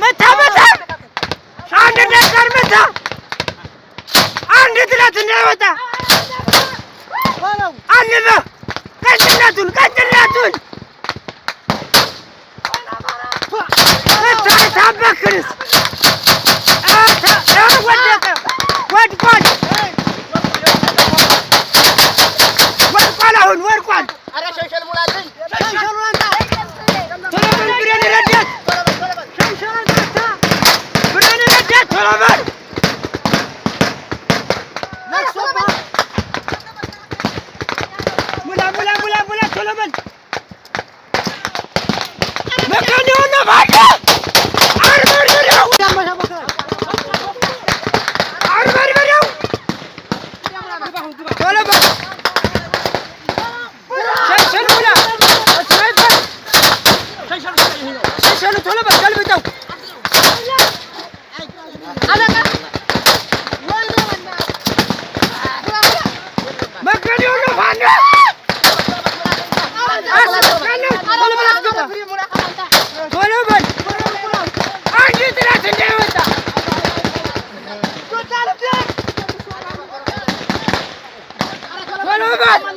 መታ መታ አንድ ደጋር መታ አንድ ትለት እንዳይወጣ አንበ ቀጭነቱን ቀጭነቱን እታ እታበክርስ ወደቀ যাবেন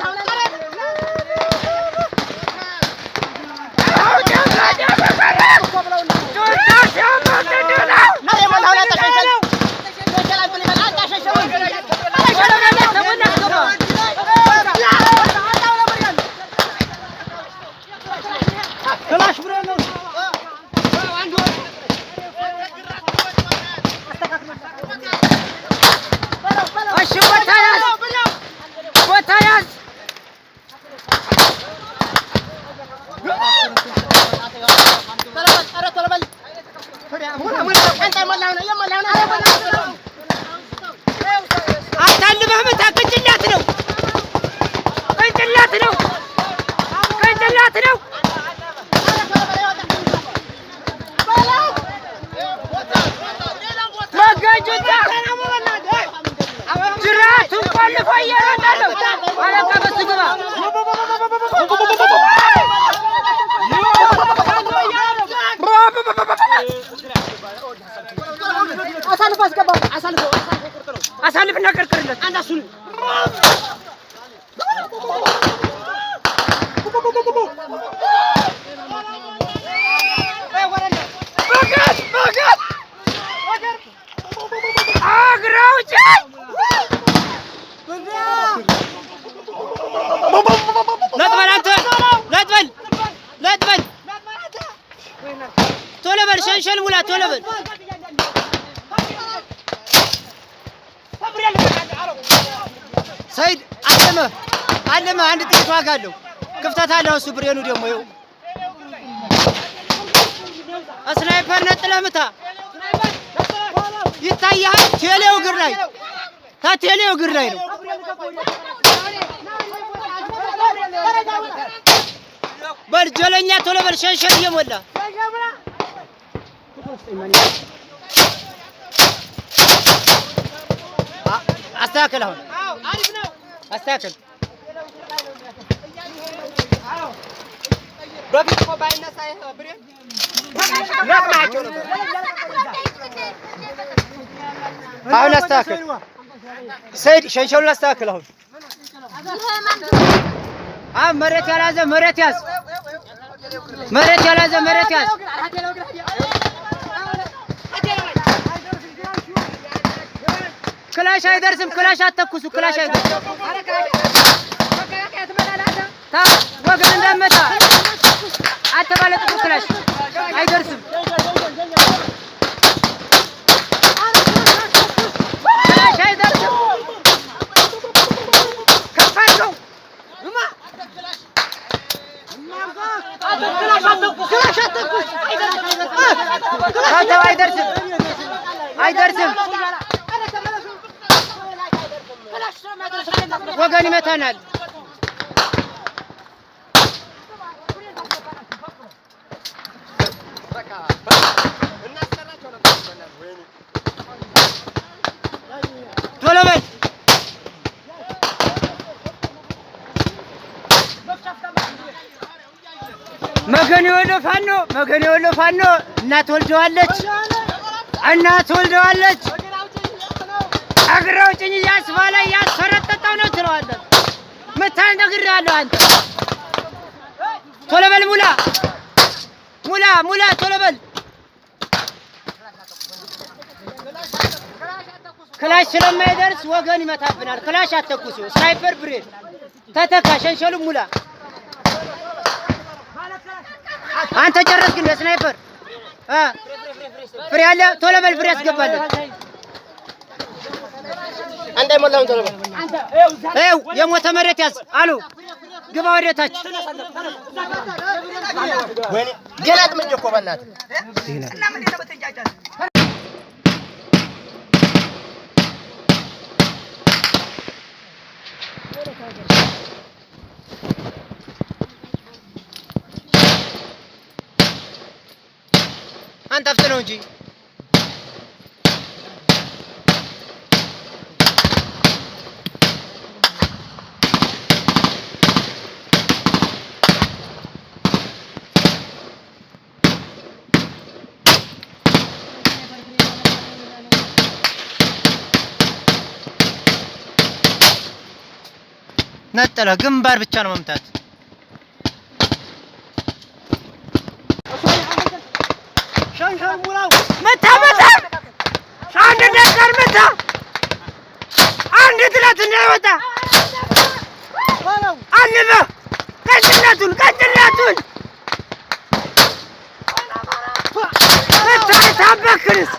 አታልበህ መታ። ቅንጭላት ነው፣ ቅንጭላት ነው፣ ቅንጭላት ነው። መገጭጫ ጅራቱን ቆልፎ እየሮጠ ነው። አለቃ በሱ ግባ নাকার করে আন্দা শুন تولبر شنشن ولا تولبر ሰይድ አለመ አለመ አንድ ጥቂት ዋጋ አለው። ክፍተት አለው እሱ ብሬኑ ደግሞ ይኸው ስናይፐር ነጥለህ ምታ ይታያል። ቴሌው እግር ላይ ታቴሌው እግር ላይ ነው። በል ጀለኛ ቶሎ በል ሸንሸን እየሞላ አስተካክል አሁን استاكل هاو نستاكل سيد شنشو نستاكل هون ها آه، مريت يا لازم مريت يا مريت يا لازم مريت يا ክላሽ አይደርስም። ክላሽ አተኩሱ። ክላሽ አይደርስም። ወገን እንዳመታ አተባለ ክላሽ አይደርስም። አሳይተናል። መገን የወሎ ፋኖ መገን የወሎ ፋኖ እናት ወልደዋለች እናት ወልደዋለች እግረው ጭኝ እያስባለ እያስፈረጠጠው ነው ትለዋለን። መታል ነግሬሃለሁ። አንተ ቶሎ በል ሙላ ሙላ ሙላ ቶሎ በል ክላሽ ስለማይደርስ ወገን ይመታብናል። ክላሽ አተኩሱ። ስናይፐር ብሬድ ተተካ። ሸንሸሉ ሙላ አንተ ጨረስክ እንደ ስናይፐር ፍሬ አለ። ቶሎ በል ፍሬ አስገባለን። እንዳይሞላውን ቶሎ ይኸው የሞተ መሬት ያዝ አሉ። ግባ ወደ ታች ገና ጥምጄ እኮ በእናትህ አንተ አፍጥነው እንጂ ነጠለ ግንባር ብቻ ነው መምታት። መታ መታ አንድ ደጋር መታ አንድ ትለት እንዳይወጣ አልበ ቀጭነቱን ቀጭነቱን መታ ታበክርስ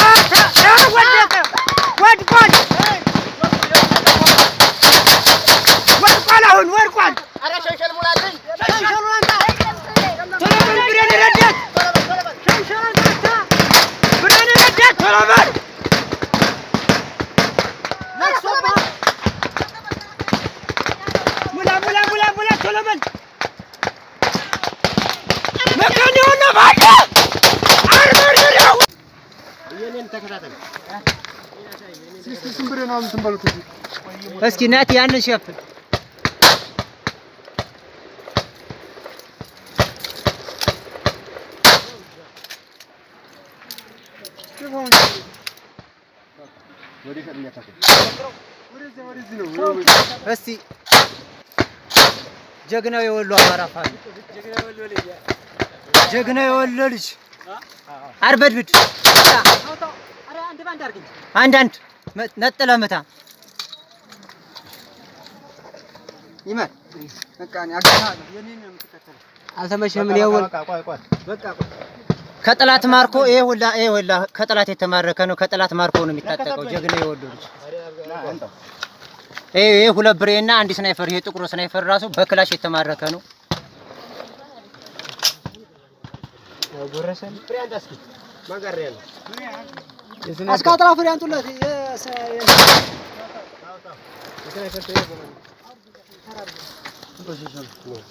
ወደቀ ወድቋል። اسكي ناتي انا شفت እስቲ ጀግናው የወሎ አማራ ፋኖ ጀግናው የወሎ ልጅ አርበድብድ አንድ አንድ ነጥለ መታ ይመር በቃ እኔ የኔን የምትከተለው አልተመቸህም። ከጠላት ማርኮ ይሄ ሁላ ይሄ ሁላ ከጠላት የተማረከ ነው። ከጠላት ማርኮ ነው የሚታጠቀው ጀግና የወሎ ልጅ ይሄ ሁለት ብሬ አንድ ስናይፈር፣ ይሄ ጥቁር ስናይፈር ራሱ በክላሽ የተማረከ ነው። አስካትራ ፍሬ አንጡለት።